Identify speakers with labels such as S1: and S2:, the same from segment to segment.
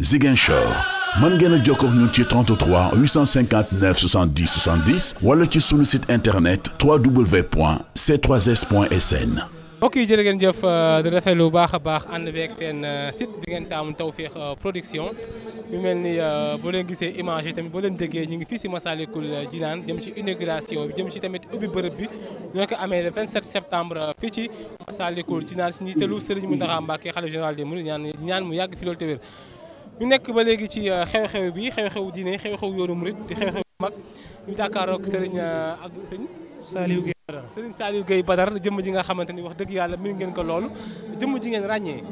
S1: Ziguinchor mën ngeen a jokkoo ak ñun ci 33 859 70 70 wala ci sunu site internet www.c3s.sn.
S2: mbokk yi jërë ngeen jëf euh, di rafetlu bu baax a baax ànd beeg seen euh, site bi ngeen taamu Tawfekh euh, Production yu mel ni boo leen gisee image yi tamit boo leen déggee ñu ngi fii si Massalikul Jinaan jëm ci inauguration bi jëm ci tamit ubbi bërëb bi ñoo ko amee le 27 septembre fii ci Massalikul Jinaan si njiitalu Serigne Mountakha Mbacké xalifa général des Mourides ñaan mu yàgg fi loolu te ñu nekk ba léegi ci euh, xew-xew bi xew-xew diine xew-xew yoonu murit di xew-xew mag ñu jàkkaarloog sëriñ ak sëñ Saliou Gueye Badar sëriñ Saliou Gueye Badar jëmm ji nga xamante ni wax dëgg yàlla miin ngeen ko loolu jëmm ji ngeen ràññee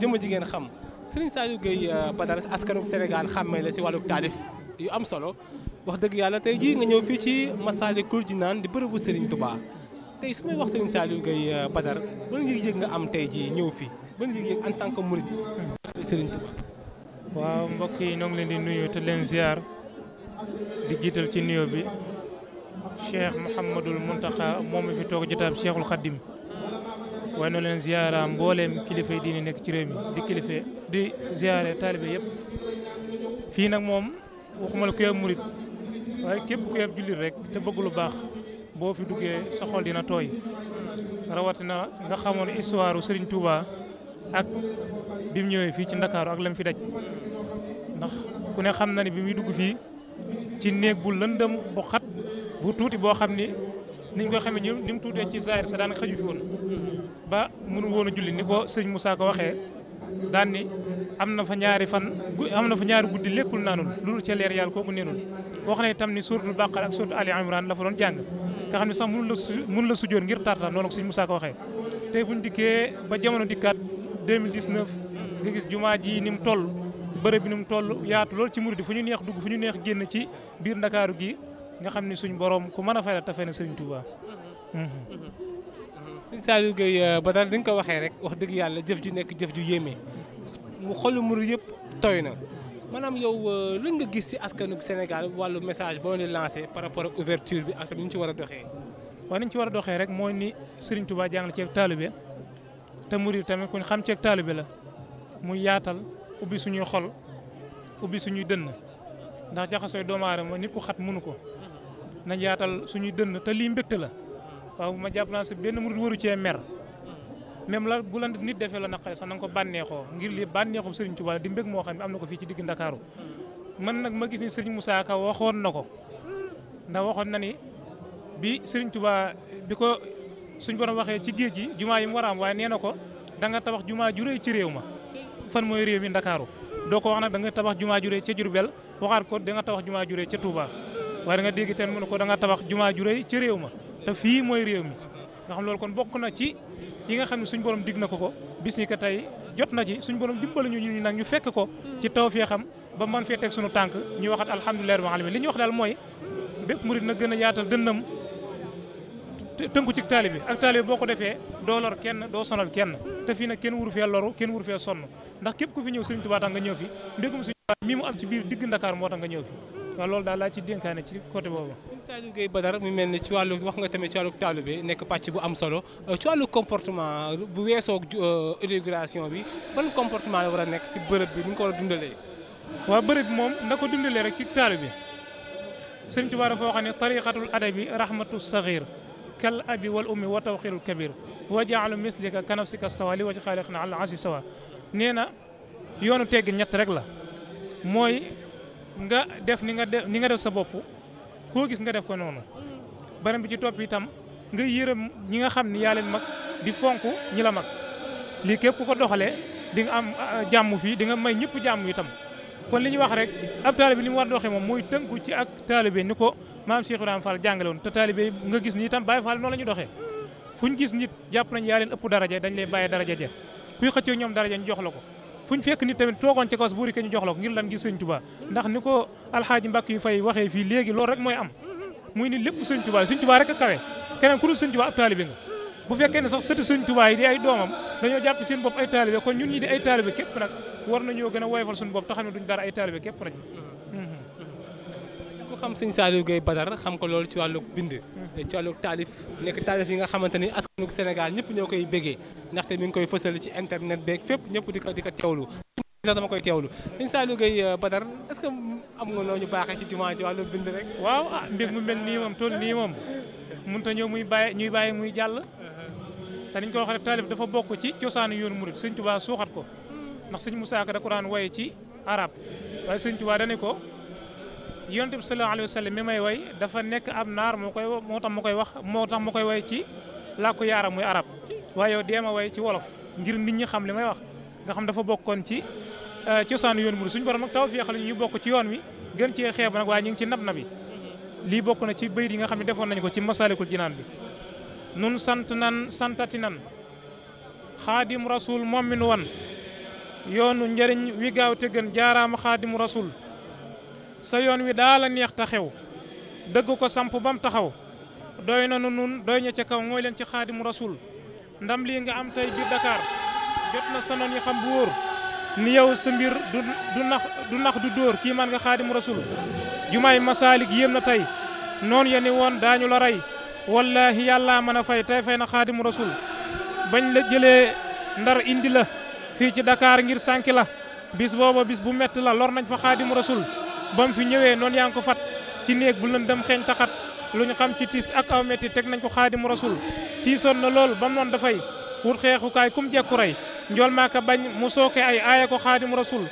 S2: jëmm ji ngeen xam sëriñ Saliou Gueye euh, Badar askanuk Sénégal xàmmee la si wàllu taalif yu am solo wax dëgg yàlla tey jii nga ñëw fii ci Massalikul naan di bërëbu sëriñ Touba tey su may wax sëriñ Saliou Gueye euh, Badar ban yëg-yëg nga am tey jii ñëw fii ban yëg-yëg waaw mbokk yi ñoo ngi leen di nuyu te leen ziar
S3: di jiital ci nuyo bi cheikh Mouhamadul Mountakha moom mi fi toog jotaab cheikhul Khadim waaye noo leen ziara mbooleem kilifa yi diine nekk ci réew mi di kilifa di ziare taalibe yépp fii nag moom waxuma la ku yab murit waaye képp ku yab jullit rek te bëggul lu baax boo fi duggee sa dina tooy rawatina nga xamoon histoire Serigne Touba. ak bi mu ñëwee fii ci ndakaaru ak la mu fi daj ndax ku ne xam na ne bi muy dugg fii ci néeg bu lëndëm bu xat bu tuuti boo xam ni niñ koy xamee ñu ni mu tuutee ci zaahir sa daanaka xaju fi woon ba mënu woon a julli ni ko sëñ Moussa ko waxee daan ni am na fa ñaari fan am na fa ñaari guddi lékkul naanul loolu ca leer yàlla kooku neenul wax ne itam ni suuratul Baqara ak suuratul Ali Imran la fa doon jàng nga xam ne sax mënu la mënu la sujjoon ngir noonu ko sëñ ko waxee 2019 nga gis jumaa ji ni mu toll bërëb bi ni mu toll yaatu loolu ci murid fu ñu neex dugg fu ñu neex génn ci biir ndakaaru gi nga xam ni suñ borom ku mën a fay la tafe na sëriñ Touba. Mhm. Mhm.
S2: sëñ Saliou Gueye euh, ba daal di nga ko waxee rek wax dëgg yàlla jëf ju nekk jëf ju yéeme mu xolu murid yëpp tooy na maanaam yow euh, lan nga gis si askanu Sénégal wàllu message boo leen lancé par rapport ak ouverture bi ak ni ñu ci war a doxee. waaw ni ci war a doxee
S3: rek mooy ni sëriñ Touba jàngale ceeb ak taalibe te murid tamit kuñ xam ceeg taalibe la muy yaatal ubbi suñuy xol ubbi suñuy dënn ndax jaxasooy doomu aadama nit ku xat mënu ko nañ yaatal suñuy dënn te lii mbégte la waaw ma jàpp naa si benn murid waru cee mer même la bu la nit defee la naqare sax na ko bànneexoo ngir lii bànneexu Serigne Touba di mbég moo xam ne am na ko fii ci digg Ndakaaru man nag ma gis ni Serigne Moussa waxoon na ko ndax waxoon na bi Serigne Touba bi ko suñ borom waxee ci géej gi jumaa yi mu war a am waaye nee na ko da nga tabax jumaa ju réy ci réew ma fan mooy réew mi ndakaaru doo ko wax nag da nga tabax jumaa ju réy ca Jurbel waxaat ko da nga tabax jumaa ju ca Touba waaye nga dégg teen mu ko da nga tabax jumaa ju réy réew ma te fii mooy réew mi nga xam loolu kon bokk na ci yi nga xam ne suñ borom dig na ko ko bis ni ko tey jot na ci suñ borom dimbali ñu ñu nag ñu fekk ko ci taw fee xam ba man fee teg sunu tànk ñu waxat alhamdulilah rabbil alamin li ñu wax daal mooy bépp murid na gën a yaatal dënnam tënku ci taalibe bi ak taalibe bi boo ko defee doo lor kenn doo sonal kenn te fii nag kenn wuru fee loru kenn wuru fee sonn ndax képp ku fi ñëw Sëriñ Tuubaa nga ñëw fi mbégum Sëriñ Tuubaa mi mu am ci biir digg Ndakaar moo tax nga ñëw fi waaw daal
S2: laa ci dénkaane ci côté boobu Sëriñ Saliou Gueye Badar mu mel nga tamit ci wàllu taalibe nekk pàcc bu solo euh, ci comportement bu weesoo euh, inauguration bi ban comportement la war a nekk ci bërëb bi ni nga dundalee waaw bërëb bi moom na ko dundalee rek ci taalibe bi
S3: Sëriñ Tuubaa dafa wax ne tariqatul adabi rahmatu saghir kal abi wal ummi wa tawxirul kabir wa jaalu mislika kanafsika sawa li waci xaaliq na al asi sawa nee na yoonu teggin ñett rek la mooy nga def ni nga def ni nga def sa bopp koo gis nga def ko noonu beneen bi ci topp itam nga yërëm ñi nga xam ni yaa leen mag di fonk ñi la mag lii képp ku ko doxalee di nga am ah, jàmm fii di nga may ñëpp jàmm itam kon li ñu wax rek ab taalibe li mu war doxee moom mooy tënku ci ak taalibe ni ko maam Cheikh Ibrahima Fall jàngale woon te taalibe nga gis ni itam Baye Fall noonu la doxe doxee ñu gis nit jàpp nañ yaa leen ëpp daraja dañ lay bàyyi daraja ja kuy xëccoo ñoom daraja ñu jox la ko fuñ fekk nit tamit toogoon ci kawas buuri ke ñu jox la ko ngir lan gis sëñ Tuubaa ndax ni ko alxaaji Mbàkke yu fay waxee fii léegi loolu rek mooy am muy ni lépp sëñ Tuubaa sëñ Tuubaa a kawe keneen ku dul sëñ Tuubaa ab nga bu fekkee ne sax sëtu sëñ Tuubaa yi di ay doomam dañoo jàpp seen bopp ay taalibe kon ñun ñi di ay taalibe képp nag a woyofal suñu ay taalibe képp nañ
S2: ku xam sëñ Saliou Gueye Badar xam ko loolu ci wàllug bind ci wàllug taalif nekk taalif yi nga xamante ni askanug Sénégal ñëpp ñoo koy béggee ndaxte mi ngi koy fësal ci internet beeg fépp ñëpp di ko di ko teewlu sax dama koy teewlu sëñ Saliou Gueye euh, Badar est que am nga noo ñu baaxee ci jumaa ci wàllu bind rek waaw ah mbir mu mel nii moom toll nii moom mënut a ñëw muy bàyyi ñuy bàyyi
S3: muy jàll te niñ ko wax rek taalif dafa bokk ci cosaanu yoon yoonu murit sëñ Tuubaa suuxat ko ndax sëñ Musaa Ka da ko daan woye ci arab waaye sëñ Tuubaa dane ko yonent bi sallallahu alayhi wa may way dafa nekk ab naar moo koy moo tax moo koy wax moo tax ma koy way ci làkku yaaram muy arab waaye yow deema way ci wolof ngir nit ñi xam li may wax nga xam dafa bokkoon ci euh, cosaanu yoon murid suñu borom nag taw feexal ñu bokk ci yoon wi gën cee xeeb nag waaye ñu ngi ci nab nabi lii bokk na ci bayit yi nga xam ne defoon nañu ko ci masalikul jinaan bi nun sant nan santati nan xaadim rasul moom mi nu wan yoonu njëriñ wi gaaw te gën jaaraama xaadim rasul sa yoon wi daala neex ta xew dëgg ko samp bam taxaw doy na nu nun doy ca kaw mooy leen ci xaadim rasul ndam lii nga am tey biir Dakar jot na sa yi xam bu wóor ni yow sa mbir du nax du nax du dóor kii man nga xaadim rasul jumaay masaalik yéem na tey noonu ya ni woon daañu la ray wallaahi yàllaa mën a fay tey fay na xaadimu rasul bañ la jëlee ndar indi la fii ci Dakar ngir sànki la bis booba bis bu mett la lor nañ fa xaadimu rasul ba mu fi ñëwee noon yaa ko fat ci néeg bu lëndëm xeeñ taxat lu ñu xam ci tiis ak aw metti teg nañ ko xaadimu rasul tiisoon na lool ba mu noonu dafay wut xeexukaay kum jekku rey njool maaka bañ mu sooke ay aaya ko xaadimu rasul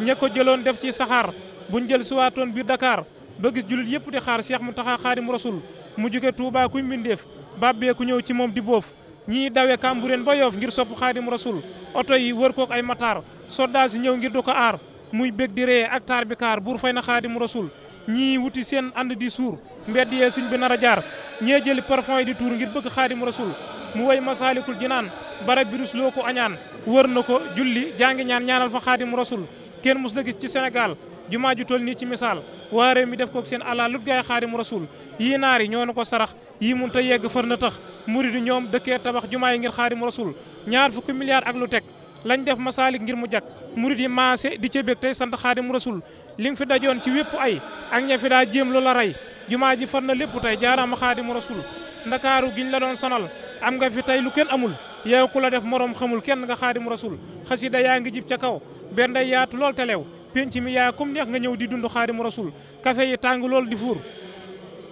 S3: ña jëloon def ci saxaar buñ jël siwaatoon biir Dakar ba gis jullit yëpp di xaar Cheikh Mountakha xaadimu rasul mu jóge Touba kuy mbindeef bàbbee ku ñëw ci moom di boof ñii dawe Kambureen ba Yoff ngir sopp Xaadim Rasul oto yi wër kook ay mataar soldat ñëw ngir du ko aar muy bég di ak taar bi kaar buur fay na Xaadim Rasul ñii wuti seen ànd di suur mbedd yee siñ bi nar a jaar ñee jëli parfum yi di tuur ngir bëgg Xaadim Rasul mu woy masaalikul naan bara birus loo ko añaan wër na ko julli jàngi ñaan ñaanal fa Xaadim Rasul kenn mus la gis ci senegal jumaa ju nii ci misaal waa mi def kook seen àllaa lut gaay xaadim rasul yii naar yi ñoo na ko sarax yii mun ta yegg fër na tax muridu ñoom dëkkee tabax jumaa yi ngir xaadim rasul ñaar fukki milliards ak lu teg lañ def masaalik ngir mu jag murid yi maase di ca bég tey sant xaadim rasul li nga fi dajoon ci wépp ay ak ña fi daa jéem lu la rey jumaa ji far na lépp tey jaaraama xaadim rasul ndakaaru giñ la doon sonal am nga fi tey lu kenn amul yow ku la def moroom xamul kenn nga xaadim rasul xasida yaa ngi jib ca kaw benn yaatu lool te leew penc mi yaa comme neex nga ñëw di dund xaadimu rasul kafe yi tàng lool di fuur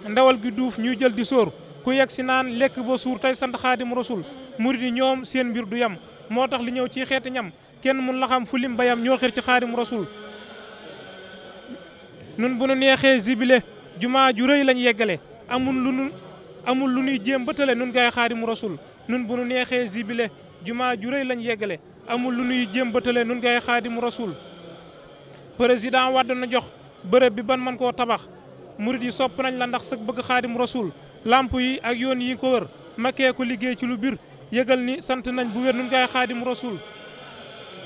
S3: ndawal gi duuf ñuy jël di sóor ku yegg si naan lekk ba suur tey sant xaadimu rasul murid yi ñoom seen mbir du yam moo tax li ñëw ci xeeti ñam kenn mun la xam fu lim bayam ñoo xir ci xaadimu rasul nun bu nu neexee zibile jumaa ju rëy lañ yeggale amul lu nu amul lu nuy jéem bëtale nun gaay xaadimu rasul nun bu nu neexee zibile jumaa ju rëy lañ yeggale amul lu nuy jéem bëtale nun gaay xaadimu rasul président Wade na jox bërëb bi ban man koo tabax murid yi sopp nañ la ndax sëg bëgg xaadim rasul lamp yi ak yoon yi ko wër makkee ko liggéey ci lu bir yëgal ni sant nañ bu wér nuñ koy xaadim rasul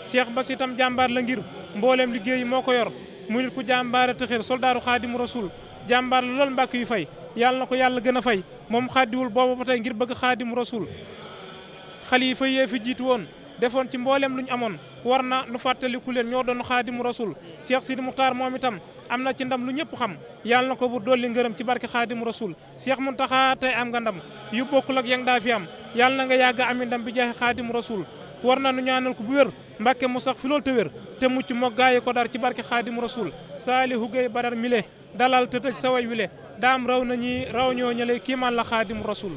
S3: Cheikh Bass itam jàmbaar la ngir mboolem liggéey moo ko yor mu ko ku jàmbaare tëxër soldaaru xaadim rasul jàmbaar la lool mbàkk yu fay yàlla na ko yàlla gën a fay moom xaddiwul boobu ba tey ngir bëgg xaadim rasul xalifa yee fi jiitu woon defoon ci mbooleem luñ amoon war na nu fàttaliku leen ñoo doon xaadimu rasul Cheikh Sidi Muxtaar moom itam am na ci ndam lu ñëpp xam yàlla na ko bu dolli ngërëm ci barke xaadimu rasul Cheikh Muntaxa tey am nga ndam yu bokkul ak yang daa fi am yàlla na nga yàgg ami ndam bi jaaxe xaadimu rasul war na nu ñaanal ko bu wér mbàkke mu sax fi loolu te wér te mucc moo ko dar ci barke xaadimu rasul saalihu gay badar mile dalal te tëj saway wile daam raw nañi raw ñoo ñële kiimaan la xaadimu rasul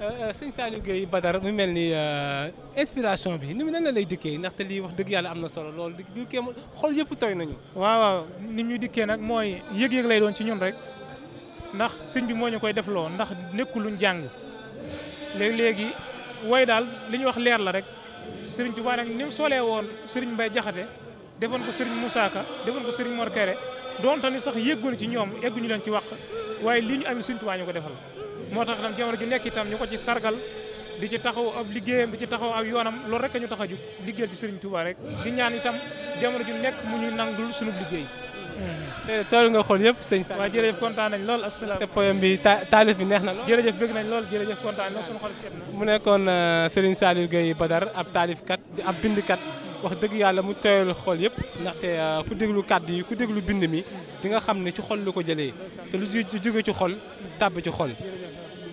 S2: Euh, euh, sëñ Saliou Guèye Badar mu mel ni euh, inspiration bi ni mu nan la lay dikkee ndaxte lii wax dëgg yàlla am na solo loolu di dikkee xol yëpp toy nañu. waaw waaw ni ñu dikkee nag mooy
S3: yëg-yëg lay doon ci ñun rek ndax sëñ bi moo ñu koy def defloo ndax nekkul luñ jàng léegi léegi way daal li ñu wax leer la rek sëriñ Tuubaa nag ni mu solee woon sëriñ Mbay Jaxate defoon ko sëriñ Moussa Ka defoon ko sëriñ Mor doon donte sax yëgguñu ci ñoom egguñu leen ci wàq waaye lii ñu am sëriñ Tuubaa ñu ko defal. moo tax itam jamono ju nekk itam ñu ko ci sargal di ci taxaw ab liggéeyam di ci taxaw ab yoonam loolu rekk ñu tax a jug liggéeyal ci Serigne Touba rek di ñaan itam jamono ji nekk mu ñuy nangul sunu liggéey. déedéet eh, tool nga
S2: xool yëpp sëñ Sall. waaw jërëjëf
S3: kontaan nañ lool asalaam. te poème bi taalif bi neex na lool. jërëjëf bëgg nañ lool jërëjëf kontaan nañ lool sunu xol seet na. mu
S2: nekkoon euh, Serigne Saliou Gueye Badar ab taalifkat di ab bindkat wax dëgg yàlla mu tooyal xol yëpp ndaxte euh, ku déglu kàddu yi ku déglu bind mi di nga xam ne ci xol lu ko jëlee te lu jóge ci xol tàbb ci xol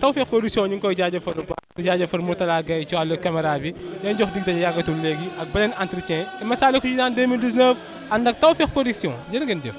S2: Tawfekh Production ñu ngi koy jaajëfal bu baax jaajëfal Moutala Gaye ci wàllu caméra bi leen jox dig dañu yàggatul léegi ak beneen entretien Massalikul Jinaan 2019 ànd ak Tawfekh Production jën ngeen jëf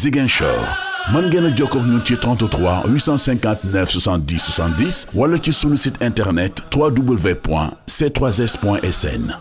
S1: Ziguinchor mën ngeen a jokkoo ak ñun ci 33 859 70 70 wala ci sunu site internet www.c3s.sn